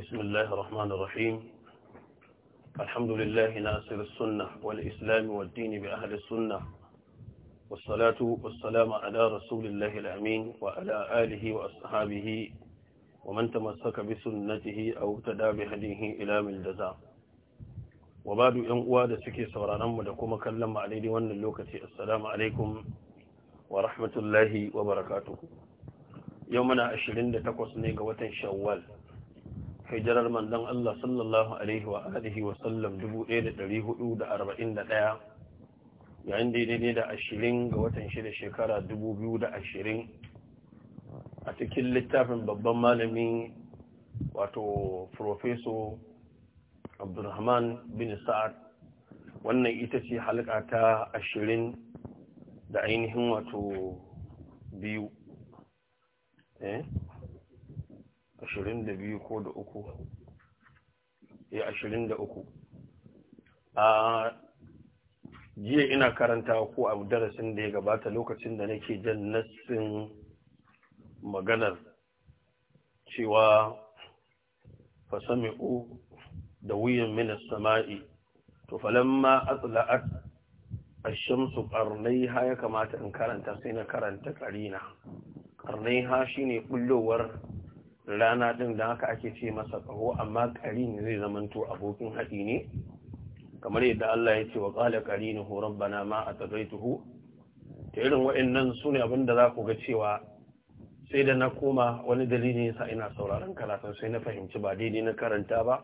بسم الله الرحمن الرحيم الحمد لله ناصر السنة والإسلام والدين بأهل السنة والصلاة والسلام على رسول الله الأمين وعلى آله وأصحابه ومن تمسك بسنته أو تدى بهديه إلى ملدزا وبعد ينقوى دسكي سورانا مدكوما كلم عليه وأن اللوكة السلام عليكم ورحمة الله وبركاته يومنا 28 ne ga watan Shawwal hijirar mandan Allah sallallahu Alaihi wa alihi sallam 1441 yayin daidai da ashirin ga watan shida shekara 2020 a cikin littafin babban malami wato Profeso Abdurrahman bin Sa'ad wannan ita ce halka ta ashirin da ainihin wato biyu. Eh? ashirin da biyu ko da uku ya eh, ashirin da uku a jiya ina karanta ko a darasin da ya gabata lokacin da nake jan nassin maganar cewa fasami'u da wuyin minas sama'i to falamma atla'at ashamsu ha ya kamata in karanta sai na karanta ƙarina. ha shi ne bullowar rana ɗin da haka ake ce masa tsaho amma ƙarin zai zamanto abokin haɗi ne kamar yadda Allah ya ce wa ƙala karini horon bana ma a tsagaituhu ta irin waɗannan su ne abin da za ku ga cewa sai da na koma wani dalili yasa ina sauraron karatun sai na fahimci ba daidai na karanta ba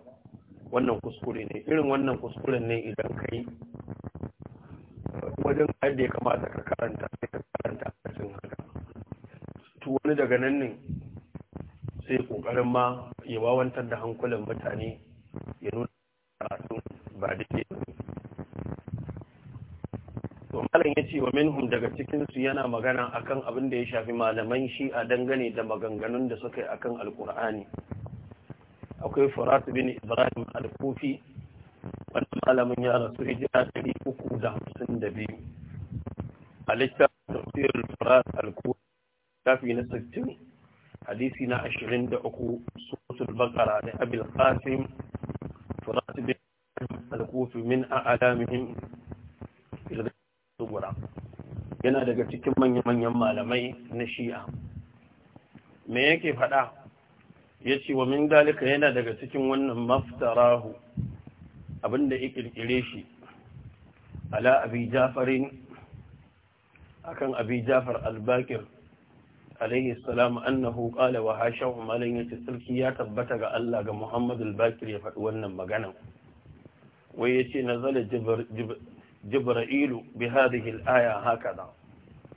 wannan kuskure ne irin wannan kuskuren ne idan kai wajen yadda ya kamata ka karanta sai ka karanta a cikin haka to wani daga nan ne sai ƙoƙarin ma ya wawantar da hankulan mutane ya nuna karatun ba da ke to malam ya ce wa minhum daga cikinsu yana magana akan abin da ya shafi malaman shi a dangane da maganganun da suka yi akan Alƙur'ani. akwai furat bin ibrahim al-kufi wanda malamin ya rasu hijira ɗari uku da hamsin da biyu a littafin tafsirin furat al-kufi shafi na sittin hadisi na 23 suratul baqara da abul qasim furat bin al-kufi min a'lamihim sugura yana daga cikin manya-manyan malamai na shi'a me yake faɗa ya ce wa min dalika yana daga cikin wannan maftarahu abinda ya ƙirƙire shi ala abi jafarin akan abi jafar albakir alaihi salam annahu qala wa hashahu malan yace sarki ya tabbatar ga Allah ga Muhammadu al-Bakir ya faɗi wannan magana wai yace nazala jibril bi hadhihi al-aya hakada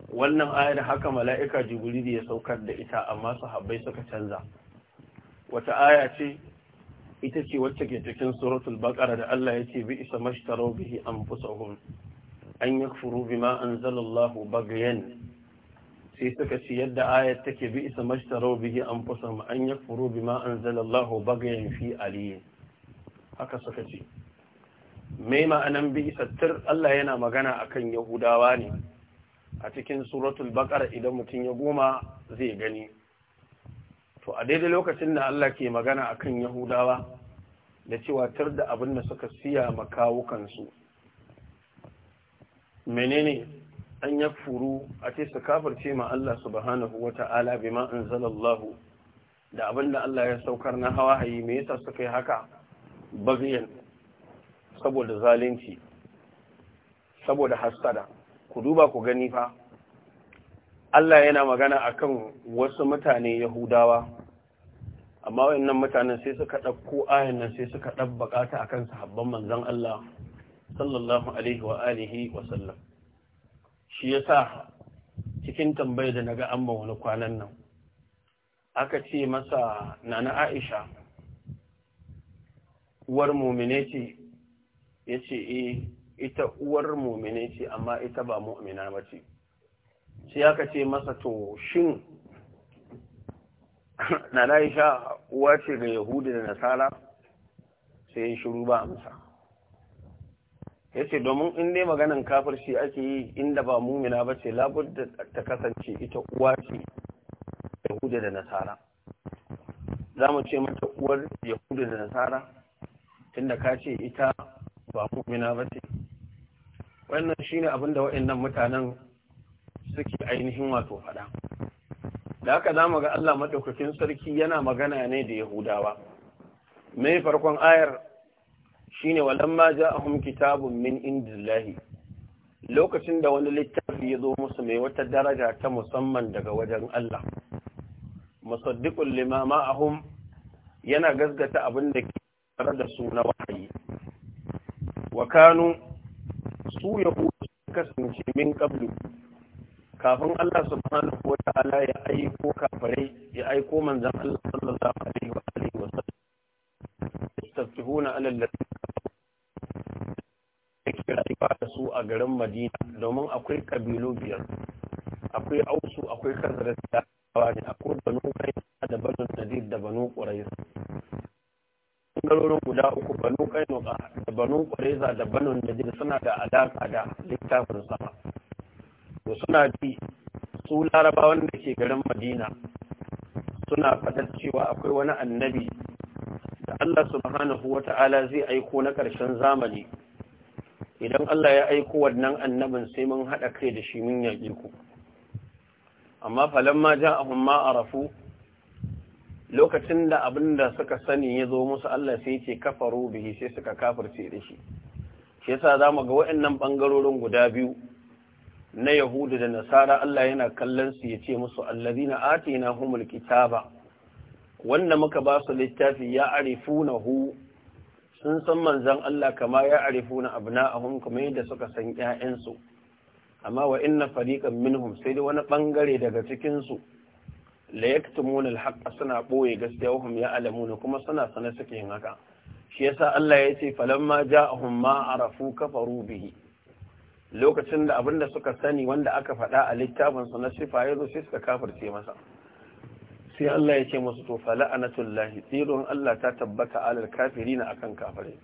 wannan ayar haka mala'ika jibril ya saukar da ita amma sahabbai suka canza wata aya ce ita ce wacce ke cikin suratul baqara da Allah ya ce bi isa mashtaru bihi anfusahum an yakfuru bima anzalallahu baghyan sai suka ce yadda ayat take bi isa mashtarau bihi an fusa an yakfuru bi ma an zalallahu bagayen fi aliyu haka suka ce mai ma'anan bi isa Allah yana magana akan yahudawa ne a cikin suratul baqara idan mutum ya goma zai gani to a daidai lokacin da Allah ke magana akan yahudawa da cewa tar da abin da suka siya makawukansu menene an ya furu a ce su kafarce ma Allah subhanahu wa ta'ala bi anzalallahu da abinda Allah ya saukar na hawa hayi me yasa suka yi haka bagiyan saboda zalunci saboda hasada ku duba ku gani fa Allah yana magana akan wasu mutane Yahudawa amma wayannan mutanen sai suka dauko ayan nan sai suka dabbaka ta akan sahabban manzon Allah sallallahu alaihi wa alihi wa sallam shi yasa cikin tambayar da naga an wani kwanan nan aka ce masa na Aisha uwar mumine ce yace e eh, ita uwar mumine ce amma ita ba mu'mina ba ce sai aka ce masa to shin na Aisha uwa ce ga Yahudu da Nasara sai shiru ba amsa ya ce domin in dai maganan kafirci ake yi inda ba mumina ba ce labudda ta kasance ita uwa ce yahuda da nasara za mu ce mata uwar yahuda da nasara tunda ka ce ita ba mumina ba ce wannan shi ne abinda waɗannan mutanen suke ainihin wato faɗa da haka za mu ga Allah maɗaukakin sarki yana magana ne da yahudawa mai farkon ayar shine walamma ja'ahum kitabun min indillahi lokacin da wani littafi ya zo musu mai wata daraja ta musamman daga wajen Allah musaddiqul lima ma'ahum yana gasgata abin da ke tare da su na wahayi wa kanu su yahudu kasance min qablu kafin Allah subhanahu wa ta'ala ya aiko kafirai ya aiko manzon Allah sallallahu alaihi wa sallam yastafihuna ala alladhina su a garin madina domin akwai kabilu biyar akwai ausu akwai kazarar da ne akwai banu kai da banu nadir da banu ƙurai ɓangarorin guda uku banu kai da banu ƙuraiza da banu nadir suna da alaƙa da littafin sama to suna ji su larabawan da ke garin madina suna faɗar cewa akwai wani annabi da Allah subhanahu wata'ala zai aiko na ƙarshen zamani idan Allah ya aiko wannan annabin sai mun haɗa kai da shi mun yaƙi ku amma falamma ja'ahum ma arafu lokacin da abin da suka sani ya zo musu Allah sai ce kafaru bihi sai suka kafirce da shi shi yasa zamu ga waɗannan bangarorin guda biyu na Yahudu da Nasara Allah yana kallon su ya ce musu allazina atinahumul kitaba wanda muka ba su littafi ya arifunahu sun san manzan Allah kama ya arifu na a kamar da suka san 'ya'yansu. amma wa na fariqan minhum sai dai wani ɓangare daga cikin su la yaktumuna suna ɓoye gaskiya hum ya alamuna kuma suna sana suke yin haka shi yasa Allah ya ce ma ja a ma arafu kafaru bihi lokacin da abinda suka sani wanda aka faɗa a littafinsu na sifa yazo sai suka kafirce masa sai Allah ya ce musu to fa la'anatullahi tsiron Allah ta tabbata alal kafirina akan kafirai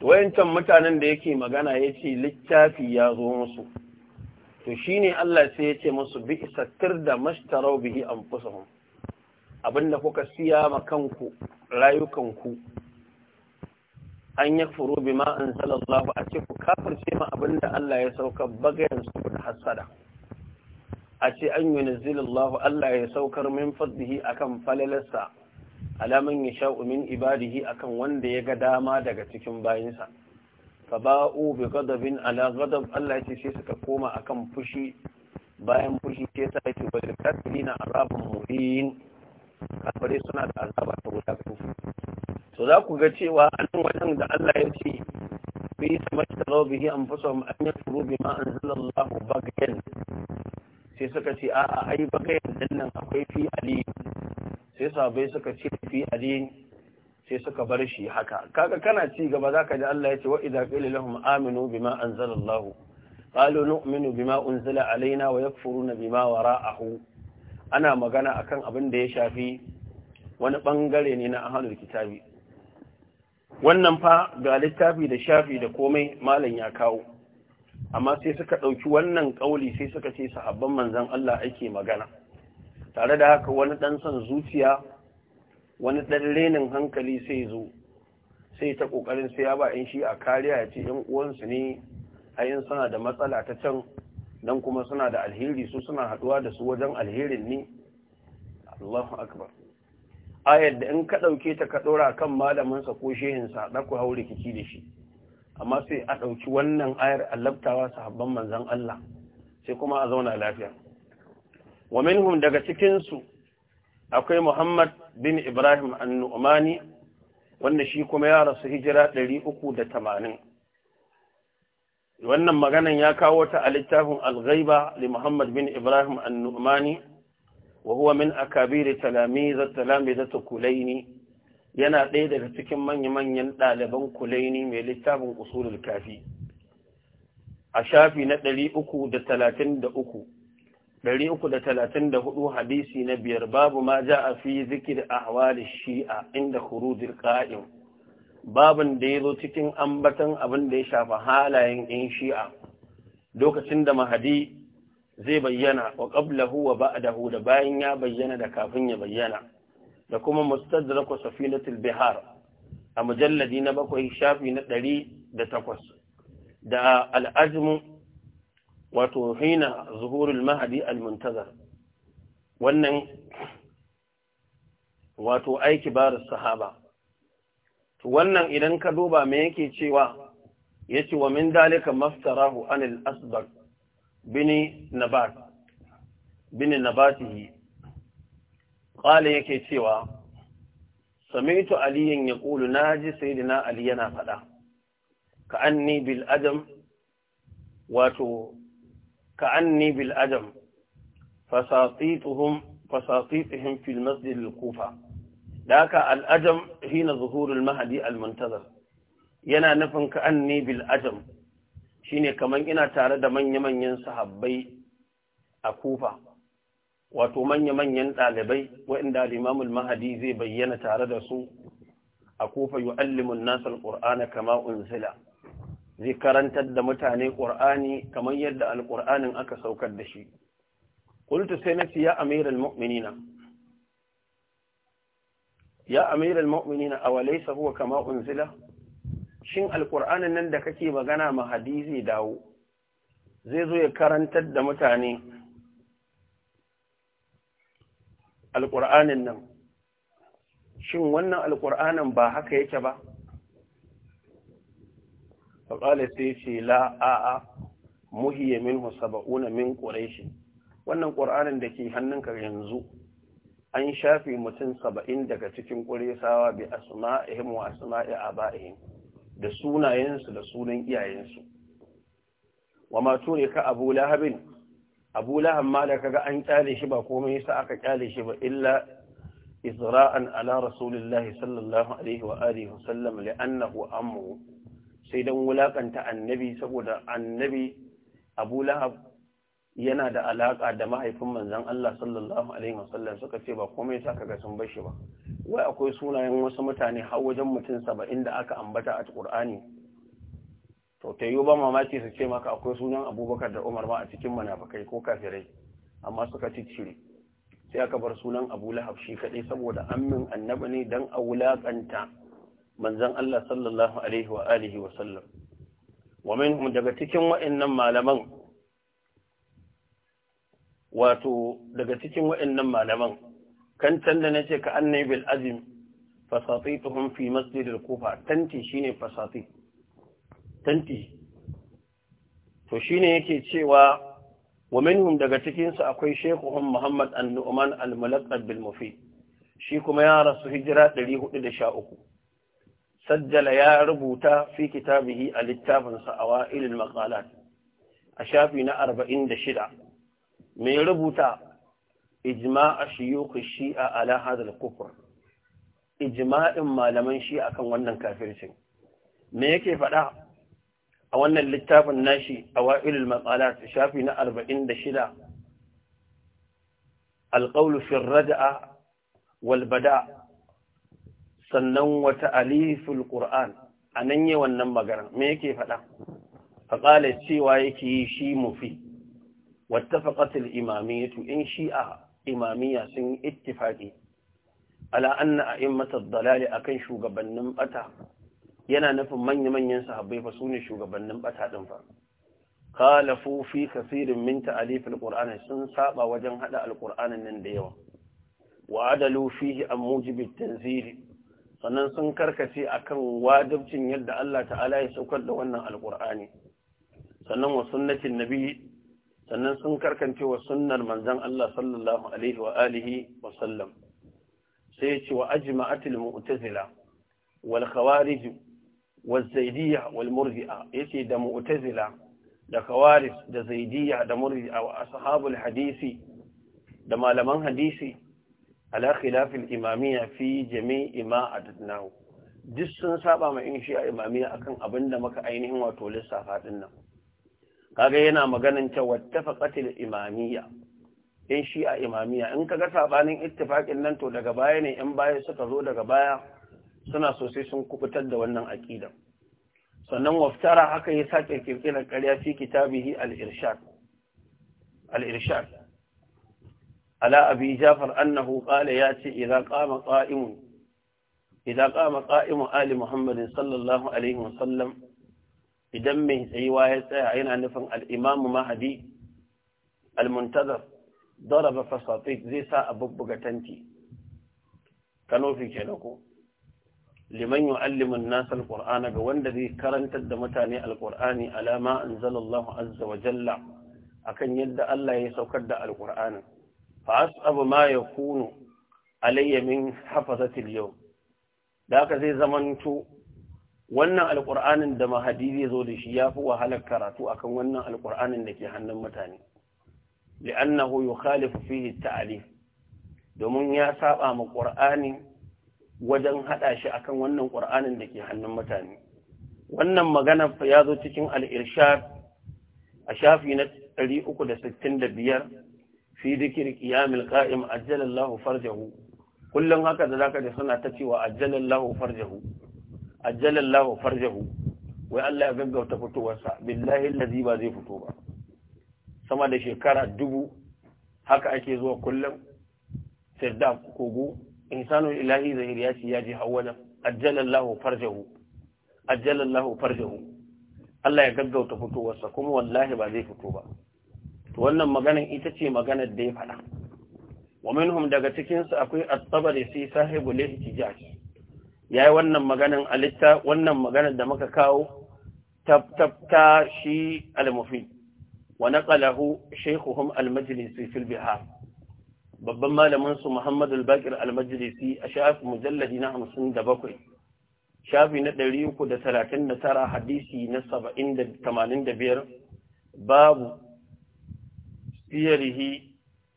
wayancan mutanen da yake magana yace littafi ya zo musu to shine Allah sai ya ce musu bi Sattar da mashtarau bihi anfusuhum abinda kuka siya ma kanku rayukanku an yakfuru bima anzalallahu a ce ku kafirce ma abinda Allah ya sauka bagayen su da hasada a ce an yi nazzilallahu Allah ya saukar min faddihi akan falalarsa alaman ya sha'u min ibadihi akan wanda ya ga dama daga cikin Ka fa ba'u bi gadabin ala gadab Allah ya ce sai suka koma akan fushi bayan fushi sai sa yake bal kafirina azabun muhin kafare suna da azaba ta wuta to za ku ga cewa an wannan da Allah ya ce fi samasta bihi anfusahum an yakfuru bima anzalallahu baghyan sai suka ce a'a ai bagayen din nan akwai fi ali sai sabai suka ce fi ali sai suka bar shi haka kaga kana ci gaba zaka ji Allah ya ce wa idza qila lahum aminu bima anzalallahu qalu nu'minu bima unzila alaina wa yakfuruna bima wara'ahu ana magana akan abin da ya shafi wani bangare ne na ahlul kitabi wannan fa ga littafi da shafi da komai malam ya kawo amma sai suka ɗauki wannan ƙauli sai suka ce sahabban manzan Allah ake magana tare da haka wani ɗan son zuciya wani ɗan renin hankali sai zo sai ta ƙoƙarin sai ya ba in shi a kariya ya ce ‘yan uwansu ne a yin suna da matsala ta can don kuma suna da alheri su suna haɗuwa da su wajen alherin ne Allahu akbar ayar da in ka ɗauke ta ka ɗora kan malaminsa ko shehinsa ɗaku hau rikici da shi amma sai a ɗauki wannan ayar allabtawa sahabban manzan Allah sai kuma a zauna lafiya wa minhum daga cikinsu akwai Muhammad bin Ibrahim annu'mani wanda shi kuma ya rasu hijira ɗari uku da tamanin. wannan maganan ya kawo ta a littafin al-ghaiba li Muhammad bin Ibrahim annu'mani wa huwa min talami zata kulai kulaini yana ɗaya daga cikin manya-manyan ɗaliban kulaini mai littafin usulul kafi a shafi na 333 hudu, hadisi na biyar babu ma ja a fi zikir a hawali shi'a inda hurudul ƙa'in. babin da ya zo cikin ambatan abin da ya shafa halayen 'yan shi'a lokacin da mahadi zai bayyana wa ƙablahu wa ba' da bayan ya bayyana da kafin ya bayyana da kuma mustadraku safinatul bihar a mujalladi na bakwai shafi na ɗari da takwas da al'ajmu wato hina zuhurul mahadi al-muntazar wannan wato aiki baris sahaba To wannan idan ka duba me yake cewa yace wa min dalika maftarahu anil asbar bini nabat bini nabatihi ƙwale yake cewa samitu aliyun ya ƙulu na ji sayidina ali yana faɗa ka anni bil adam wato ka anni bil adam fil masjid al kufa da haka al hina zuhurul mahdi al muntazar yana nufin ka anni bil adam shine kaman ina tare da manya-manyan sahabbai a kufa wato manya-manyan ɗalibai waɗanda limamul mahadi zai bayyana tare da su a kofa yu'allimun nasar ƙur'ana kama unzila zai karantar da mutane ƙur'ani kamar yadda alƙur'anin aka saukar da shi qultu sai nace ya amiral mu'minina ya amiral mu'minina awalaysa huwa kama unzila shin alƙur'anin nan da kake magana mahadi zai dawo zai zo ya karantar da mutane alƙur'anin nan shin wannan alƙur'anin ba haka yake ba faƙalar sai ce la'a'a a'a min saba'una min ƙuraishi wannan ƙur'anin da ke hannunka yanzu an shafe mutum saba'in daga cikin ƙuraisawa bi asma'ihim wa asma'i aba'ihim da sunayensu da sunan iyayensu wa ma ture ka abu lahabin abu ma da kaga an kyale shi ba komai sa aka kyale shi ba illa isra'an ala rasulillahi sallallahu alaihi wa alihi wa li'annahu amru sai dan wulakanta annabi saboda annabi abu lahab yana da alaka da mahaifin manzon Allah sallallahu alaihi wa sallam suka ce ba komai sa kaga sun bar shi ba wai akwai sunayen wasu mutane har wajen mutum 70 da aka ambata a Qur'ani to ta yi ba mamaki su ce maka akwai sunan abubakar da umar ma a cikin manafakai ko kafirai amma suka ciccire sai aka bar sunan abu lahab shi kaɗai saboda amin annaba ne don a wulaƙanta manzan allah sallallahu alaihi wa alihi wa sallam wa daga cikin wa'annan malaman wato daga cikin wa'annan malaman kan tanda nace ka annabi bil azim fasatituhum fi masjidil kufa tanti shine fasatit tanti to shine yake cewa wa minhum daga cikin su akwai shekuhum Muhammad an-Nu'man al-Mulaqqab bil Mufid shi kuma ya rasu hijira 413 sajjala ya rubuta fi kitabihi a littafin awail al-maqalat a shafi na 46 mai rubuta ijma'a shuyukh shi'a ala hadha al-kufr ijma'in malaman shi'a kan wannan kafircin me yake faɗa a wannan littafin nashi a matsala matsalat shafi na arba'in da shida alƙaulu walbada sannan wata aliful ƙur'an a nan yi wannan magana me yake faɗa faƙala cewa yake yi shi mufi wattafaƙatul imamiyatu, in shi'a imamiyya sun yi ittifaƙi ala anna a in dalali akan shugabannin ɓata yana nufin manya-manyan sahabbai fa su ne shugabannin bata fa khalafu fi kasirin min ta'alif sun saba wajen hada alqur'anin nan da yawa wa adalu fihi an mujibi tanzili sannan sun karkace akan wajibcin yadda Allah ta'ala ya saukar da wannan alqur'ani sannan wa sunnatin nabi sannan sun karkance wa sunnar manzon Allah sallallahu alaihi wa alihi wa sallam sai ya ce wa ajma'atil mu'tazila wal khawarij والزيدية والمرجئة يتي دا مؤتزلة دا كوارث دا زيدية دا مرجئة وأصحاب الحديث دا مالمان حديثي على خلاف الإمامية في جميع ما عددناه duk sun saba ma in shi a imamiya akan abin da maka ainihin wato lissafa din nan kaga yana maganin ta wattafaqatil imamiya in shi a imamiya in kaga sabanin ittifaqin nan to daga baya ne in baya suka zo daga baya suna sosai sun kubutar da wannan aƙida sannan waftara haka ya sake kirkirar ƙarya fi kitabihi al-irshad al ala abi jafar annahu qala ce idan qama qa'imun qama qa'imu ali muhammadin sallallahu alaihi wa sallam idan mai tsayuwa ya tsaya yana nufin al mahadi mahdi al-muntazir zai sa abubbuga tanti kanofi kenan ko liman yu'allimu an-nas al-qur'ana ga wanda zai karantar da mutane al-qur'ani alama anzalallahu azza wa jalla akan yadda Allah ya saukar da al-qur'ani fa as'abu ma yakunu alayya min hafazati al-yawm da haka zai zamanto wannan al-qur'anin da mahadi zai zo da shi yafi wahalar karatu akan wannan al-qur'anin da ke hannun mutane li'annahu yukhalifu fihi at-ta'lif domin ya saba ma ƙur'ani. wajen haɗa shi akan wannan ƙur'anin da ke hannun mutane wannan magana ya zo cikin al'irshad a shafi na 365 fi dikir qiyamil qa'im ajjalallahu farjahu kullum haka da ka ji suna ta cewa ajjalallahu farjahu ajjalallahu farjahu wai Allah ya gaggauta fitowarsa billahi lazi ba zai fito ba sama da shekara dubu haka ake zuwa kullum sirda kogo insanu ilahi zahir ya ce ya je hawwana ajjalallahu farjahu ajjalallahu farjahu Allah ya gaggauta fitowarsa kuma wallahi ba zai fito ba to wannan maganar ita ce maganar da ya faɗa wa minhum daga cikin su akwai at-tabari sai sahibu lihtijaj yayi wannan maganar alitta wannan maganar da muka kawo tabtabta shi al-mufid wa naqalahu shaykhuhum al-majlisi fil bihar babban malamin su Muhammad bakir al-Majlisi a shafi mujalladi na 57 shafi na 339 hadisi na 785 babu siyarihi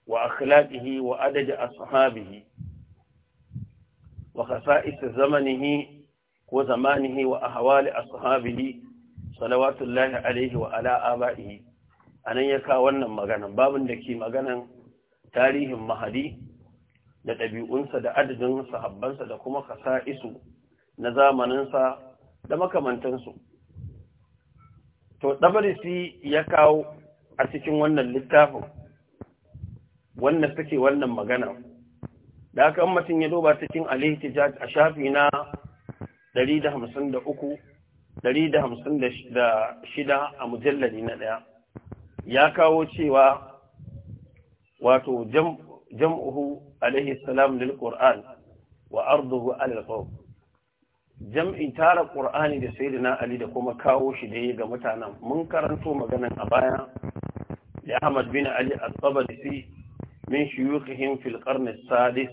wa akhlaqihi wa adad ashabihi wa khasa'is zamanihi ko zamanihi wa ahwali ashabihi salawatullahi alaihi wa ala abaihi anan ya kawo wannan maganan babin da ke maganan tarihin mahadi da ɗabi'unsa da adadin sahabbansa da kuma kasa isu na zamaninsa da makamantansu. To, ɗabarisi ya kawo a cikin wannan littafin wannan suke wannan magana. Da haka mutum ya duba cikin Alihtijaj a shafi na 153, 156 a mujallari na ɗaya, ya kawo cewa wato jam'uhu alaihi salam lil qur'an wa arduhu alal qawm jam'in tara qur'ani da na ali da kuma kawo shi da ga mutanen mun karanto maganan a baya da ahmad bin ali at-tabari min shuyukhihim fil qarn sadis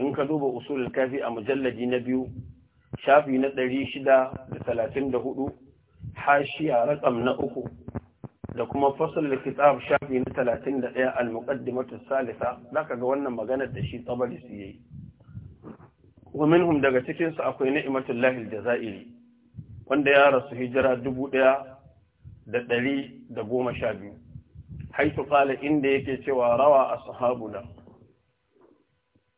in ka duba usul kafi a mujalladi na biyu shafi na 634 hashiya rakam na uku da kuma fasalin kitab shafi na talatin 31 al-muqaddimatu salisa zaka ga wannan maganar da shi tsabari su yayi wa minhum daga cikin su akwai ni'matullahi al-jazairi wanda ya rasu hijira dubu ɗaya da da goma sha biyu. haitu qala inda yake cewa rawa a na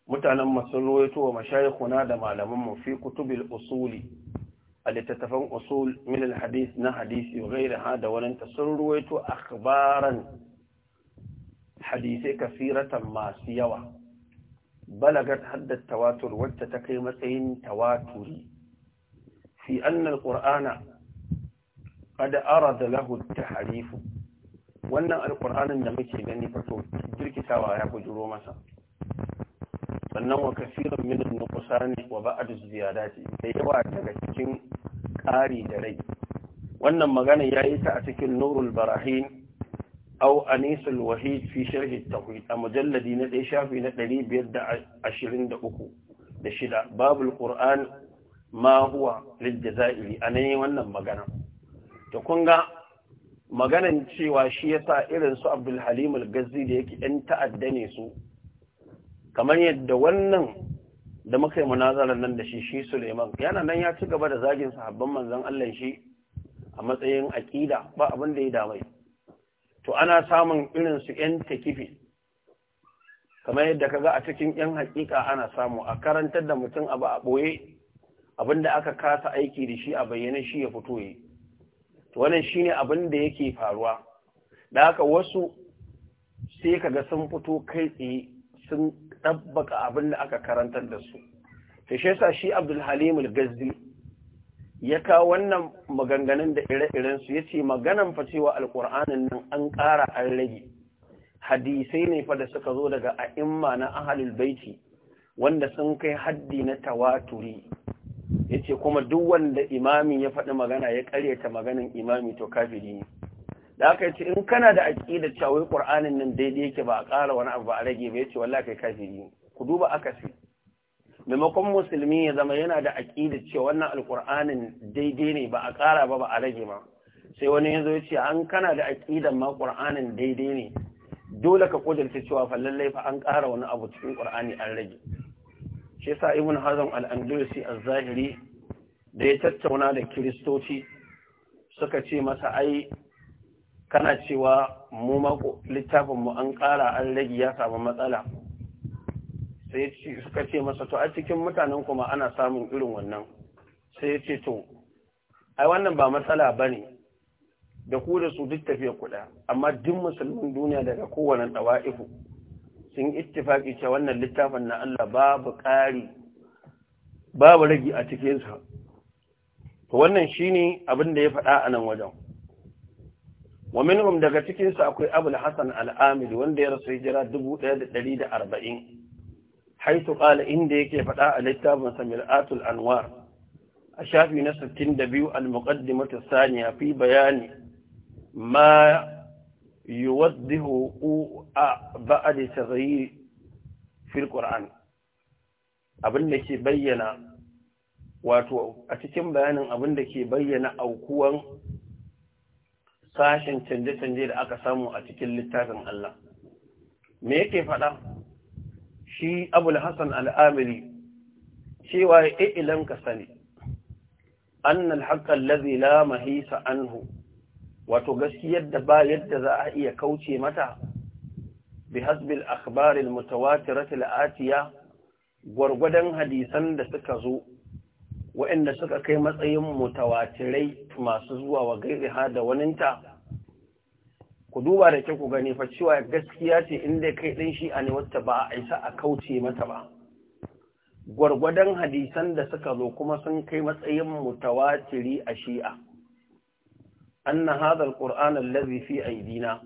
mutanen masu ruwaito wa mashayikhuna da malaman mu fi kutubil usuli التي لتتفهم أصول من الحديث نحديث وغير هذا ولن تسررويت أخبارا حديثة كثيرة ما سيوا بلغت حد التواتر والتتقيمتين تواتري في أن القرآن قد أرد له التحريف وأن القرآن النميكي لأني فتور تدرك سوا يقول فأنه كثير من النقصان وبعد الزيادات يوعد لكي ƙari da rai wannan magana ya yi ta a cikin nurul barahin au anisul wahid fi sharhi tawhid a mujalladi na ɗaya shafi na ɗari biyar da ashirin da uku da shida babul qur'an ma huwa liljazairi a nan wannan magana to kun ga maganan cewa shi yasa irin su abdul halim al-gazzi da yake ɗan ta'adda ne su kamar yadda wannan da muka yi munazarar nan da shi shi Suleiman yana nan ya ci gaba da zagin sahabban manzon Allah shi a matsayin Aqida, ba abin da ya damai to ana samun irin su ƴan takifi kamar yadda kaga a cikin ƴan hakika ana samu a karantar da mutum abu a ɓoye abin da aka kasa aiki da shi a bayyane shi ya fito yi to wannan shine abin da yake faruwa da haka wasu sai kaga sun fito kai tsaye sun tabbaka abin da aka karantar da su ta shi yasa shi abdulhalim al-gazzi ya kawo wannan maganganun da ire-iren su yace maganan fa cewa alqur'anin nan an ƙara an rage hadisai ne fa da suka zo daga a'imma na ahlul baiti wanda sun kai haddi na tawaturi yace kuma duk wanda imami ya faɗi magana ya ƙaryata maganin imami to kafiri ne da aka ce in kana da aƙida cewa wai qur'anin nan daidai yake ba a ƙara wani abu ba a rage ba ya ce wallahi kai kafiri ku duba akasi maimakon musulmi ya zama yana da aƙida cewa wannan alƙur'anin daidai ne ba a ƙara ba ba a rage ma sai wani ya zo ya ce an kana da aƙidan ma qur'anin daidai ne dole ka ƙudurta cewa fa lallai fa an ƙara wani abu cikin qur'ani an rage shi yasa ibn hazm al-andalusi az-zahiri da ya tattauna da kiristoci suka ce masa ai kana cewa mu mako littafinmu an ƙara an rage ya samu matsala sai suka ce masa to a cikin mutanen kuma ana samun irin wannan sai ya ce to ai wannan ba matsala ba ne da ku da su duk tafiya kuɗa amma duk musulmin duniya daga kowane ɗawa'ifu sun ittifaki ce wannan littafin na Allah babu ƙari babu rage a cikinsa to wannan shine abin da ya faɗa a nan wajen wa minhum daga cikin su akwai Abul Hasan Al-Amili wanda ya rasu hijira 1140 haitu qala inda yake fada a littafin Samiratul Anwar a shafi na 62 al-muqaddimatu thaniya fi bayani ma yuwaddihu a ba'd taghyir fil Qur'an abin da ke bayyana wato a cikin bayanin abin da ke bayyana aukuwan sashen canje-canje da aka samu a cikin littafin Allah. Me yake faɗa? Shi Abul Hassan al'amiri, cewa ya ilan ka sani, annal haƙƙan lazi mahisa anhu, wato gaskiyar da ba yadda za a iya kauce mata, bi hasbil akhbaril mutawatiratil atiya, gwargwadon hadisan da suka zo waɗanda suka kai matsayin mutawatirai masu zuwa wa gairi ha da waninta ku duba da ke ku gani fa cewa gaskiya ce inda kai ɗin shi a ne wata ba a isa a kauce mata ba gwargwadon hadisan da suka zo kuma sun kai matsayin mutawatiri a shi'a anna hadha alquran allazi fi aidina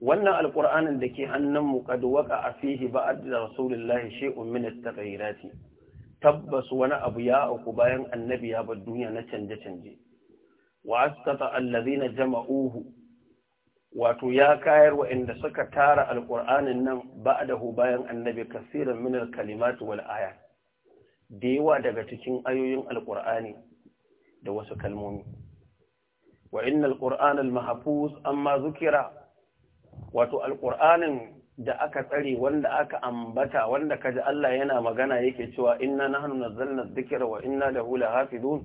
wannan alquranin da ke hannun mu qad waqa fihi ba'd rasulullahi shay'un min at-taghayyurati tabbas wani abu ya auku bayan annabi ya bar duniya na canje-canje wa askata allazina jama'uhu wato ya kayar inda suka tara alqur'anin nan ba'dahu bayan annabi kaseeran min kalimatu wal aya da yawa daga cikin ayoyin alqur'ani da wasu kalmomi wa innal al mahfuz amma zukira wato alqur'anin da aka tsare wanda aka ambata wanda kaji Allah yana magana yake cewa inna nahnu nazzalna dhikra wa inna lahu lahafidun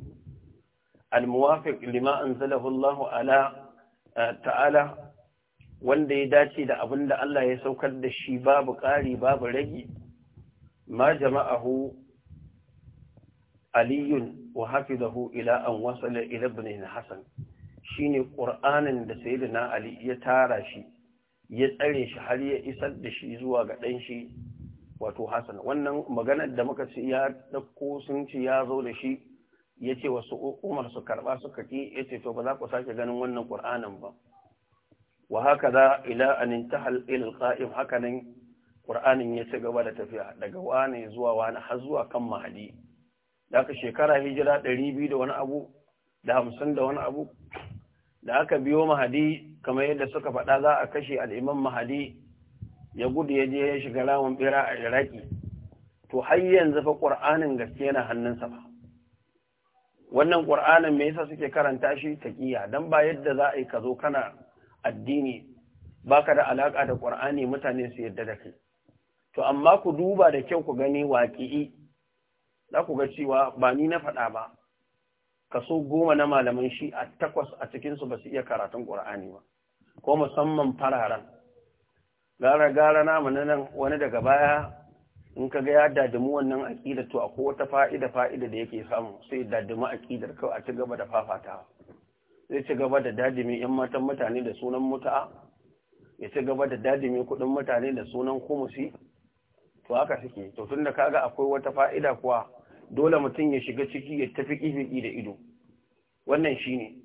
almuwafiq lima anzalahu Allah ala eh, ta'ala wanda ya dace da abinda Allah ya saukar da shi babu ƙari babu ragi ma jama'ahu aliyun wa hafizahu ila an wasala ila ibn hasan shine qur'anin da sayyidina ali ya tara shi ya tsare shi har ya isar da shi zuwa ga ɗan shi wato Hassan wannan maganar da muka ce ya ɗauko sun ci ya zo da shi ya ce wasu umar su karɓa suka ki ya ce to ba za ku sake ganin wannan kuranin ba wa haka za ila an intahal ila qa'im haka nan ƙur'anin ya ci gaba da tafiya daga wani zuwa wani har zuwa kan mahadi da aka shekara hijira ɗari da wani abu da hamsin da wani abu da aka biyo mahadi kamar yadda suka faɗa za a kashe al'imam mahadi ya gudu ya je ya shiga ramin bera a iraki to har yanzu fa ƙur'anin gaske yana hannunsa ba wannan ƙur'anin me yasa suke karanta shi ta kiya don ba yadda za a yi ka zo kana addini ba ka da alaƙa da ƙur'ani mutane su yadda da kai to amma ku duba da kyau ku gani waƙi'i za ku ga cewa ba ni na faɗa ba kaso goma na malaman shi a takwas a cikinsu ba su iya karatun ƙur'ani ba ko musamman fararen gara-gara namu nan wani daga baya in ka ga ya dadimu wannan aƙidar to ko wata fa'ida fa'ida da yake samu sai dadimu aƙidar kawai a ci gaba da fafatawa zai ci gaba da dadimi ‘yan matan mutane da sunan mutu'a ya ci gaba da dadimi kuɗin mutane da sunan kumusi to haka suke to tun da kaga akwai wata fa'ida kuwa dole mutum ya shiga ciki ya tafi kifiki da ido wannan shine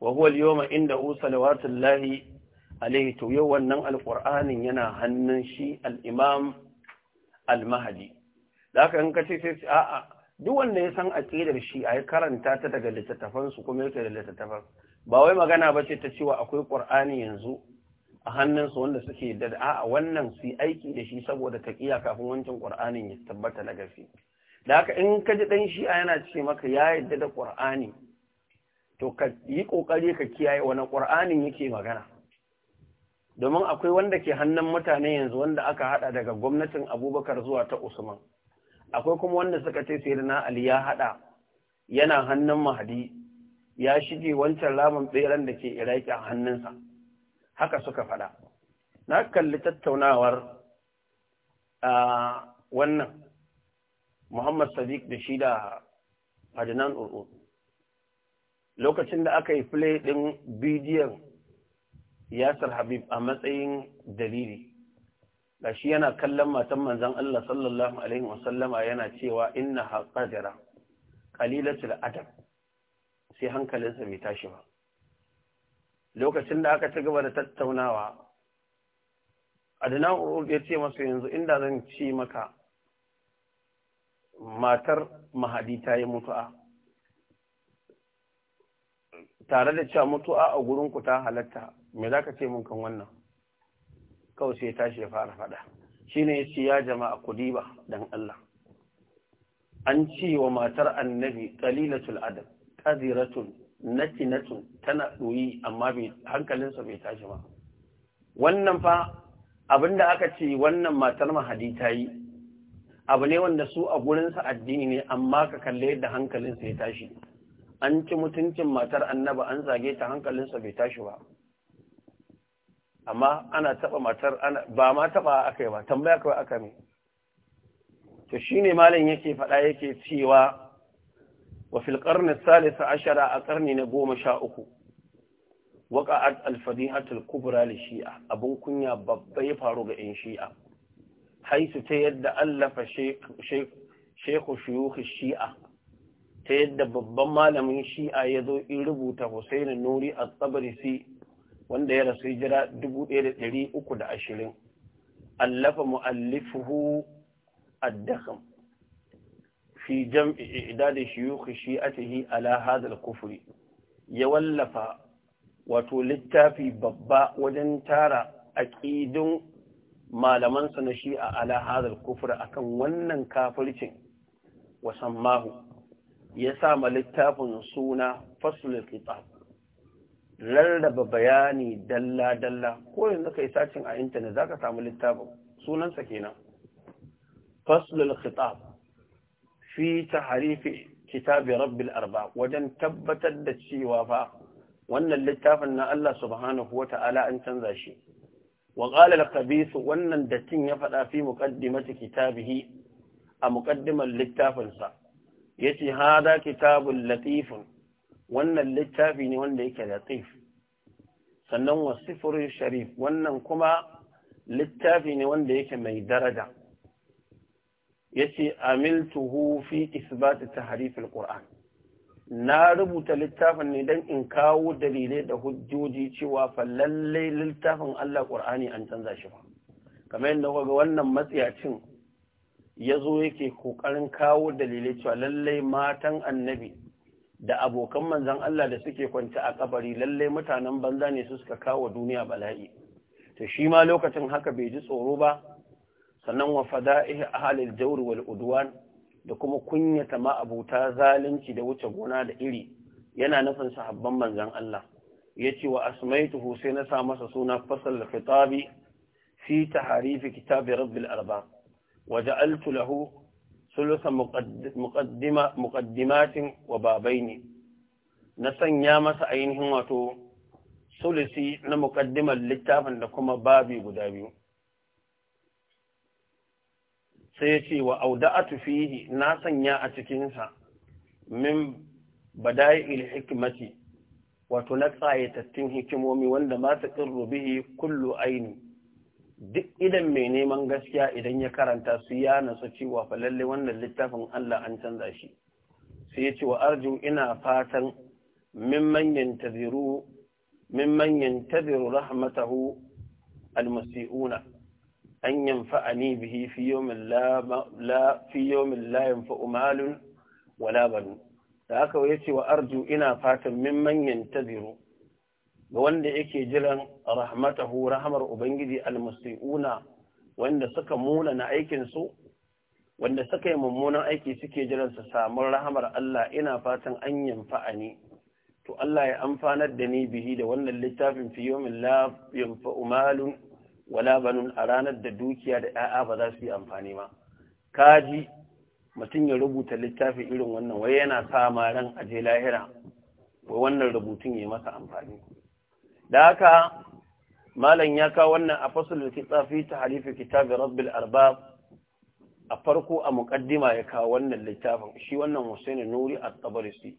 wa huwa al-yawma inda salawatullahi alaihi to yau wannan alqur'anin yana hannun shi al-imam al-mahdi da haka in ka ce sai a'a duk wanda ya san aqidar shi a ya karanta ta daga littattafan su kuma yake da littattafan ba wai magana ba ce ta cewa akwai qur'ani yanzu a hannunsu wanda suke da a'a wannan su aiki da shi saboda taqiya kafin wancan qur'anin ya tabbata na gaske da haka in ka ji ɗan shi'a yana ce maka ya yadda da ƙur'ani to ka yi ƙoƙari ka kiyaye wani ƙur'anin yake magana domin akwai wanda ke hannun mutane yanzu wanda aka haɗa daga gwamnatin abubakar zuwa ta usman akwai kuma wanda suka ce sai na ali ya haɗa yana hannun mahadi ya shige wancan ramin tseren da ke iraki a hannunsa haka suka faɗa na kalli tattaunawar ah, wannan Muhammad Sadiq da shi da Adnan Ur'u lokacin da aka yi play ɗin bidiyon Yasir Habib a matsayin dalili ga shi yana kallon matan manzan Allah sallallahu alaihi wasallama yana cewa inna haqadira qalilatul adab sai hankalinsa bai tashi ba lokacin da aka ci gaba da tattaunawa Adnan Urud ya ce masa yanzu inda zan ci maka matar mahadi ta yi mutu'a tare da cewa mutu'a a ku ta halatta me za ka ce mun kan wannan kawai sai tashi ya fara faɗa shi ne ya ce ya jama'a kudi ba don Allah an ce wa matar annabi ƙalilatul adam ƙaziratun natinatun tana ɗoyi amma hankalinsa bai tashi ba wannan fa abinda aka ce wannan matar mahadi ta yi abu ne wanda su a gurinsa addini ne amma ka kalle yadda hankalinsa ya tashi an ci mutuncin matar annaba an zage ta hankalinsa bai tashi ba amma ana taba matar ba ma taba aka yi ba tambaya kawai aka mai to shine malam yake faɗa yake cewa wa fil qarni salisa ashara a karni na goma sha uku waqa'at al fadihatul kubra li shi'a abun kunya babba ya faru ga yan shi'a haisu ta yadda allafa shehu shuyukhi shi'a ta yadda babban malamin shi'a ya zo in rubuta Hussein Nuri a si wanda ya rasu jira 1320 allafa mu'allifuhu ad-dakham fi jam'i idad shuyukh shi'atihi ala hadha al-kufri ya wallafa wato littafi babba wajen tara aqidun malamansa na shi'a ala hadal a akan wannan kafircin wasan mahu ya sa ma littafin suna fasulul kitab rarraba bayani dalla-dalla ko yanzu yi sacin a intanet za ka samu littafin sunansa kenan fasulul kitab fi ta harifi kitabi rabbil arba wajen tabbatar da cewa fa wannan littafin na Allah subhanahu wa ta'ala an canza shi wa Khabisu, wannan dattin ya faɗa fi muqaddimati kitabihi a muƙaddimar littafinsa yace hada kitabun latifun wannan littafi ne wanda yake latif sannan wasifur sharif wannan kuma littafi ne wanda yake mai daraja yace amiltuhu fi isbat tahrif al-qur'an na rubuta littafin ne don in kawo dalilai da hujjoji cewa fa lallai littafin Allah ƙur'ani an canza shi ba kamar yadda kuka ga wannan matsiyacin ya zo yake kokarin kawo dalilai cewa lallai matan annabi da abokan manzan Allah da suke kwanci a kabari lallai mutanen banza ne su suka kawo duniya bala'i to shi ma lokacin haka bai ji tsoro ba sannan wa fada'ih ahalil jawr wal udwan da kuma kunyata ma'abuta zalunci da wuce gona da iri yana nufin sahabban manzan Allah ya ce wa asmaituhu sai na sa masa suna fasal fitabi fi taharifi kitabi rabbil arba wa ja'altu lahu sulusa muqaddima muqaddimatin wa babaini na sanya masa ainihin wato sulusi na muqaddimar littafin da kuma babi guda biyu sai ya ce wa auda'atu fihi na sanya a cikinsa min bada'il hikmati wato na tsayatattun hikimomi wanda ma ta ƙirru bihi kullu aini duk idan mai neman gaskiya idan ya karanta su ya nasu cewa fa lalle wannan littafin Allah an canza shi sai ya ce wa arju ina fatan mimman yantaziru mimman yantaziru rahmatahu almasiuna an yanfa'ani bihi fi yawmin la fi yawmin la yanfa'u malun wala banun da haka yace wa arju ina fatan mimman yantaziru ga wanda yake jiran rahmatahu rahmar ubangiji almustiuna wanda suka muna na aikin su wanda suka yi mummunan aiki suke jiran su samu rahmar Allah ina fatan an yanfa'ani to Allah ya amfanar da ni bihi da wannan littafin fi yawmin la yanfa'u malun wala banun a ranar da dukiya da ‘ya'ya ba za su yi amfani ma. Kaji mutum ya rubuta littafi irin wannan wai yana sa ma ran aje lahira wai wannan rubutun ya masa amfani. Da haka malam ya kawo wannan a fasulun kitsafi ta halifi kitabin rabbil arbab a farko a muƙaddima ya kawo wannan littafin shi wannan Hussein Nuri at-Tabarisi.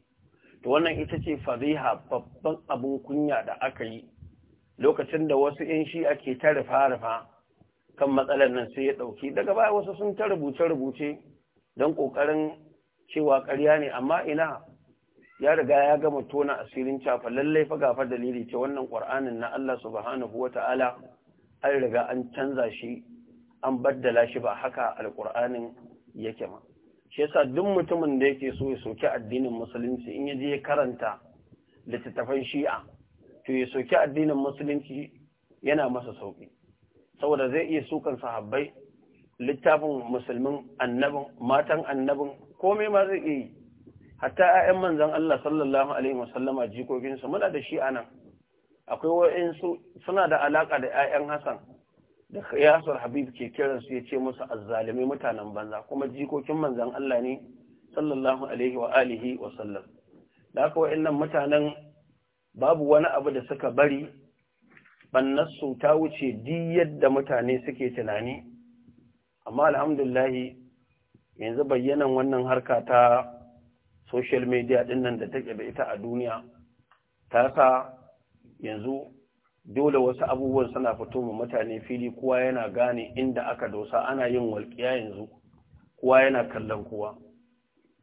To wannan ita ce fadiha babban abin kunya da aka yi lokacin da wasu ‘yan shi ake ta rufa kan matsalar nan sai ya ɗauki daga baya wasu sun ta rubuce-rubuce don ƙoƙarin cewa ƙarya ne amma ina ya riga ya gama tona asirin cafa lallai fa gafa dalili ce wannan ƙwar'anin na Allah subhanahu wa ta'ala an riga an canza shi an baddala shi ba haka alƙur'anin yake ma shi yasa duk mutumin da yake so ya soki addinin musulunci in ya je ya karanta littattafan shi'a to ya soki addinin musulunci yana masa sauƙi saboda zai iya sukan sahabbai littafin musulmin annabin matan annabin komai ma zai iya yi hatta 'ya'yan manzan Allah sallallahu alaihi a jikokinsa muna da shi anan akwai wa'insu suna da alaka da 'ya'yan Hassan da Yasir Habib ke kiransu ya ce musu azzalimi mutanen banza kuma jikokin manzan Allah ne sallallahu alaihi wa alihi wa sallam da haka wa'annan mutanen babu wani abu da suka bari bannarsu ta wuce di yadda mutane suke tunani amma alhamdulahi yanzu bayyanan wannan harka ta social media dinnan da take da ita a duniya ta sa yanzu dole wasu abubuwan suna fito ma mutane fili kowa yana gane inda aka dosa ana yin walƙiya yanzu kowa yana kallon kowa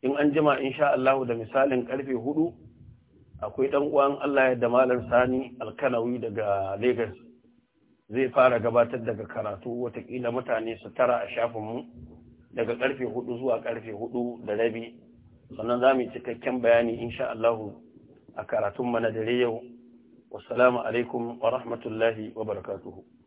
in an jima insha Allah da misalin karfe hudu akwai ɗan uwan Allah ya da Malam Sani Alkanawi daga Lagos zai fara gabatar daga karatu watakila mutane su tara a shafinmu daga karfe hudu zuwa karfe hudu da rabi sannan za mu yi cikakken bayani insha Allah a karatunmu na dare yau wasalamu alaikum wa rahmatullahi wa barakatuhu